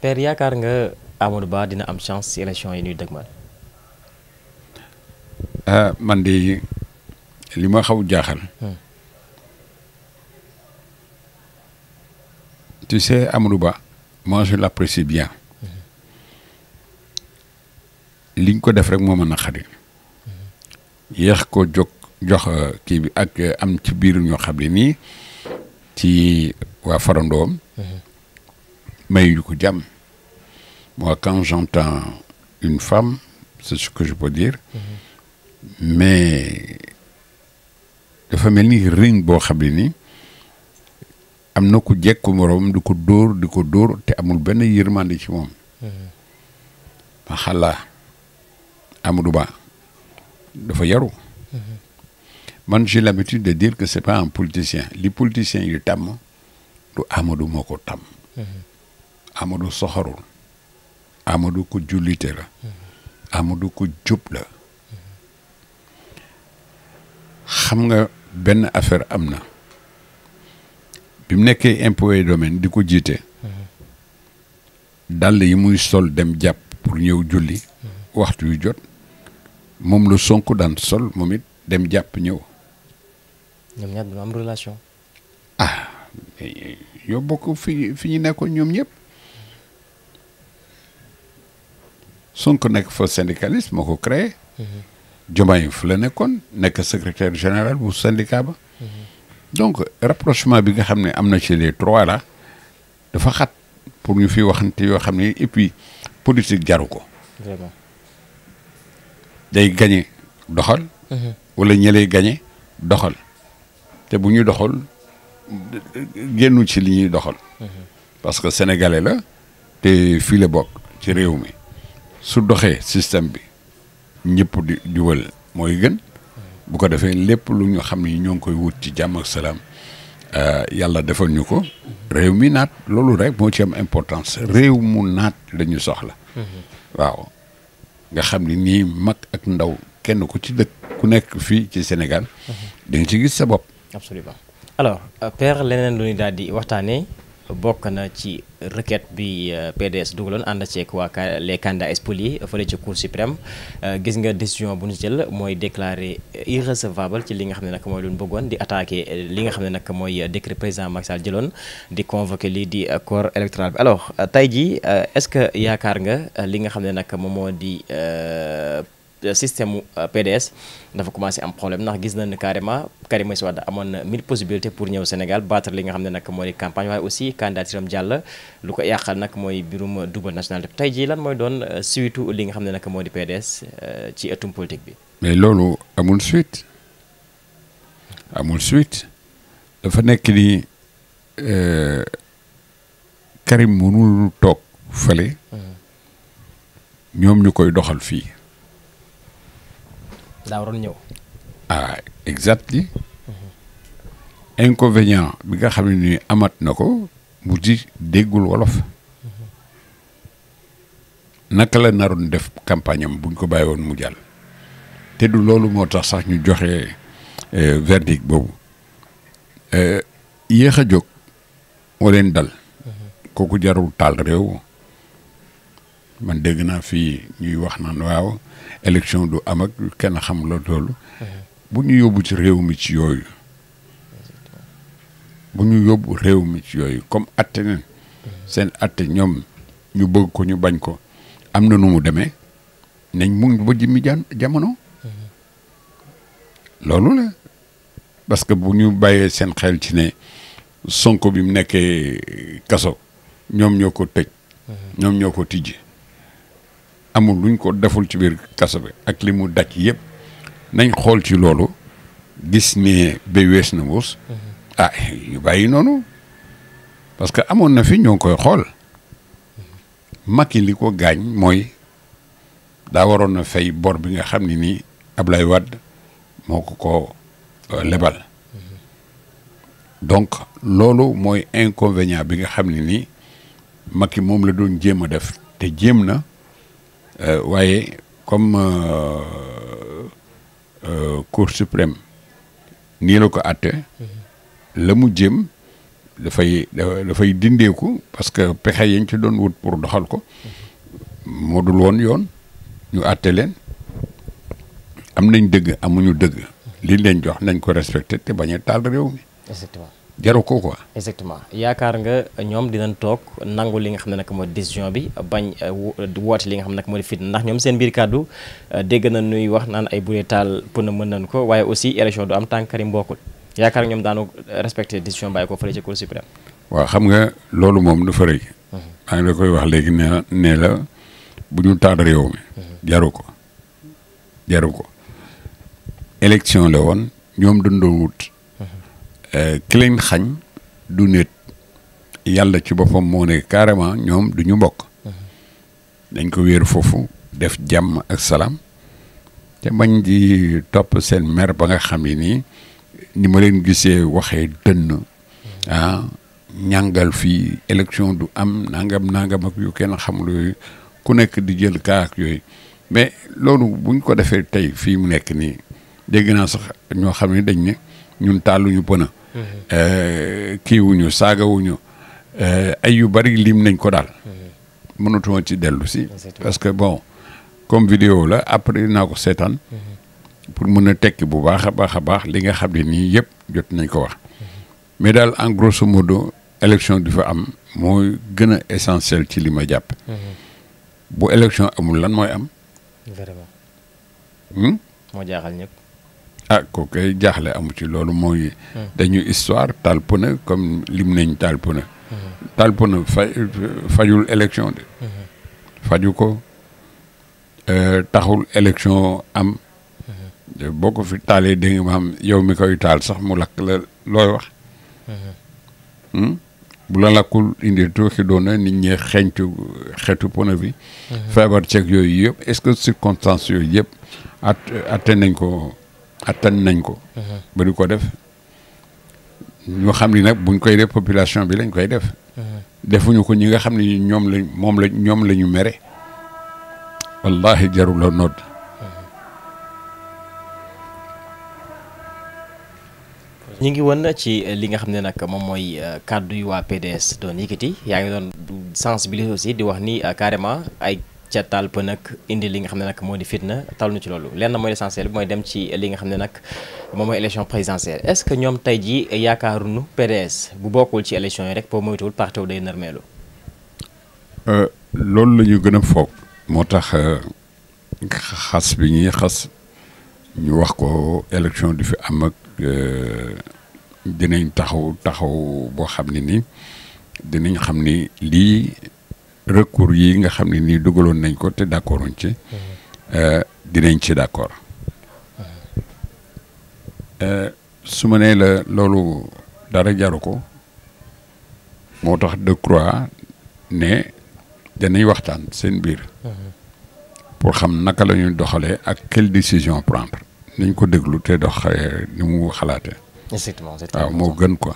père yaakaar nga Amadou Ba dina am chance élection yi ñuy dëgmal. Ah, man de li ma xaw jaaxal. Hmm. tu sais Amadou Ba moi je l'apprécie bien. Hmm. liñ ko def rek moo mën a xari hmm. yéex ko jóg jox euh, kii bi ak euh, am ci biir ñoo xam ne nii ci waa farandoom mayuñu ko jàmm moi quand j'entends une femme c'est ce que je peux dire mhm. mais dafa mel ni ring boo xam ne nii am na ku jekku moroom di ko dóor di ko dóor te amul benn yërmande ci moom mhm. ma xalaa Amadou Ba dafa yaru mhm. man j'ai l'habitude de dire que c'est pas un politicien li politicien yu tàmm du Amadou moo ko tàmm Amadou soxorul Amadou ko jullite la Amadou ku jub la xam nga benn affaire am na bi mu nekkee impôt domaine di ko jiite dàll yi muy sol dem jàpp pour ñëw julli waxtu yu jot moom la Sonko daan sol moom it dem jàpp ñëw. ñoom ñaar ah, ñu nekkoon ñoom ñëpp. Sonko nekk fa syndicaliste moo ko créé. Mhm. Diomaye fu la nekkoon nekk secrétaire général bu syndicat ba. Mhm. donc rapprochement bi nga xam ne am na ci les trois la dafa xat pour ñu fi waxante yoo xam ne et puis politique jaru ko. day gañe doxal. Mhm. wala ñëlee lay gañe doxal. te bu ñu doxal génnu ci li ñuy doxal. parce que sénégalais la te fii la bokk ci réew mi. su doxee système bi ñëpp di jubal mooy gën bu ko defee lépp lu ñu xam ni ñoo ngi koy wut ci jàmm ak salaam euh, yàlla defal ñu ko réew mi naat loolu rek moo ci am importance réew mu naat lañu soxla waaw nga xam ni nii mag ak ndaw kenn ku ci dëkk ku nekk fii ci Sénégal di ci gis sa bopp absolument euh, leneen lu ñu daal di waxtaanee bokk na ci requête bi euh, PDS dugaloon ànd ceeg waa les candidats spoliés fële ci cour suprême euh, gis nga décision bu nu jël mooy déclaré irrecevable ci li nga xam ne nag mooy lu bëggoon di attaqué li nga xam ne nag mooy décret président Macky Sall jëloon di convoqué lii di corps électoral bi alors euh, tey jii est-ce que yaakaar nga li nga xam ne nag moom moo di. Euh, système mu euh, PDS dafa commencé am problème ndax gis nañ ne carrément Karim Meïssa Wade amoon na mille possibilités pour ñëw Sénégal battre li nga xam ne nag moo di campagne waaye aussi candidaturam jàll lu ko yàqal nag mooy birum double nationalité tey jii lan mooy doon euh, suite li nga xam ne nag moo di PDS ci ëttum politique bi. mais loolu amul suite amul suite dafa nekk ni Karim mënul toog fële. Mm-hmm. ñoom ñu koy doxal fii. daa waroon ñëw. ah exactly. Mm-hmm. inconvénient bi nga xam ni amat na ko mu di déggul wolof. Mm-hmm. naka la naroon def campagne buñ ko bàyyi woon mu jàll. te du loolu moo tax sax ñu joxe euh, verdict boobu euh, yéex a jóg moo leen dal. Mm-hmm. kooku jarul taal réew man dégg naa fi ñuy wax naan waaw. élection du amak kenn xam la loolu bu ñu yóbbu ci réew mi ci yooyu bu ñu yóbbu réew mi ci yooyu comme atte mm-hmm. seen atte ñoom ñu bëgg ko ñu bañ ko am na nu mu demee nañ mu ba jëmmi jan jamono mm-hmm. loolu la parce que bu ñu bàyyee seen xel ci ne sonko bi mu nekkee kaso ñoom ñoo ko tëj mm-hmm. ñoom ñoo ko tijji amul luñ ko deful ci biir kaso ak li mu daj yëpp nañ xool ci loolu gis ne ba wees na mbuus mm-hmm. ah ñu bàyyi noonu parce que amoon na fi ñoo ngi koy xool mm-hmm. Macky li ko gaañ mooy daa waroon na fay bor bi nga xam ni nii Ablaye Wade moo ko ko euh, lebal mm-hmm. donc loolu mooy inconvénient bi nga xam ne nii Macky moom la doon jéem a def te jéem na Euh, waaye comme euh, euh, cour suprême nii la ko àtte mhm. la mu jëm dafay dafay dindeeku parce que pexe yañ ci doon wut pour doxal ko mhm. moo woon yoon ñu àtte leen am nañ dëgg amuñu dëgg mhm. lii leen jox nañ ko respecté te bañ a taal réew mi. jaru ko ko exactement yaakaar nga ñoom dinañ toog nangu li nga xam ne nag mooy décision bi bañ euh, woote li nga xam ne nag moo di fit ndax ñoom seen biir kàddu euh, dégg na nuy wax naan ay buree taal pour na mën nañ ko waaye aussi élection du am tànk Karim bokkul yaakaar nga ñoom daanu euh, respecté décision bàyyi ko fële ci cour suprême. waa xam nga loolu moom du fa rëy. Mhm. maa ngi koy wax léegi nee la nee la bu ñu taal réew mi. Mhm. jaru ko jaru ko. élection la woon ñoom dundoo wut. Euh, ki leen xañ du nit yàlla ci boppam moo ne carrément ñoom du ñu mbokk mm-hmm. dañ ko wéer foofu def jàmm ak salaam te bañ di topp seen mer ba nga xam ne nii ni ma leen gisee waxee dënn mm-hmm. ah ñàngal fii élection du am nangam nangam ak yu kenn xamul yooyu ku nekk di jël kaa ak yooyu mais loolu buñ ko defee tey fii mu nekk nii dégg naa sax ñoo xam ne dañ ne ñun tàlluñu pëna Eh, kiiwuñu saagawuñu eh, ay yu bari lim nañ ko daal. mënatuma ci dellu si. parce que bon comme vidéo la après naa ko seetaan. pour mën a tekki bu baax a baax a baax li nga xam ne nii yëpp jot nañ ko wax. mais daal en grosso modo élection du fa am mooy gën a essentiel ci li ma jàpp. bu élection amul lan mooy am. vraiment. Hmm? moo ah kooku jaaxle amu ci loolu mooy. dañu histoire talpona comme lim nañ talpona. talpona fa fajul élection de. faju ko euh, taxul élection am. boo ko fi taalee dégg nga maam yow mi koy taal sax mu lakk la looy wax. Hmm? bu la lakkul indi tuuti doon na nit ñi xeeñtu xeetu pono bi. Hmm. feebar ceeg yooyu yëpp est-ce que circonstances yooyu yëpp at atte nañ ko. attan nañ ko. ba di ko def ñu xam ni nag buñ koy def population bi lañ koy def. defuñu ko ñi nga xam ne ñoom lañ moom la ñoom la ñu mere. wallahi jarul la nodd. ñu ngi woon ci li nga xam ne nag moom mooy euh, kàddu yu waa PDS doon yëkkati yaa ngi doon sensibiliser aussi di wax ni euh, carrément ay. ca taal ba nag indi li nga xam ne nag moo di fitna talu na ci loolu lenn mooy l'essentiel bi mooy dem ci li nga xam ne nag moo mooy élection présidentielle est-ce que ñoom tey yaakaaru nu PDS bu bokkul ci élection yi rek boo moytuwul parti day nërmeelu euh, loolu la ñu gën a foog moo tax euh, xas bi ñuy xas ñu wax ko élection di fi am ak euh, dinañ taxaw taxaw boo xam ne ni dinañ xam ni lii recours yi nga xam ne nii dugaloon nañ ko te d'accorduñ ci euh, dinañ ci d'accord euh, su ma nee la loolu dara jaru ko moo tax Decroix ne danañ waxtaan seen biir pour xam naka la ñuy doxalee ak quelle décision prendre nañ ko déglu te dox ni mu xalaatee. effectivement waaw moo gën ko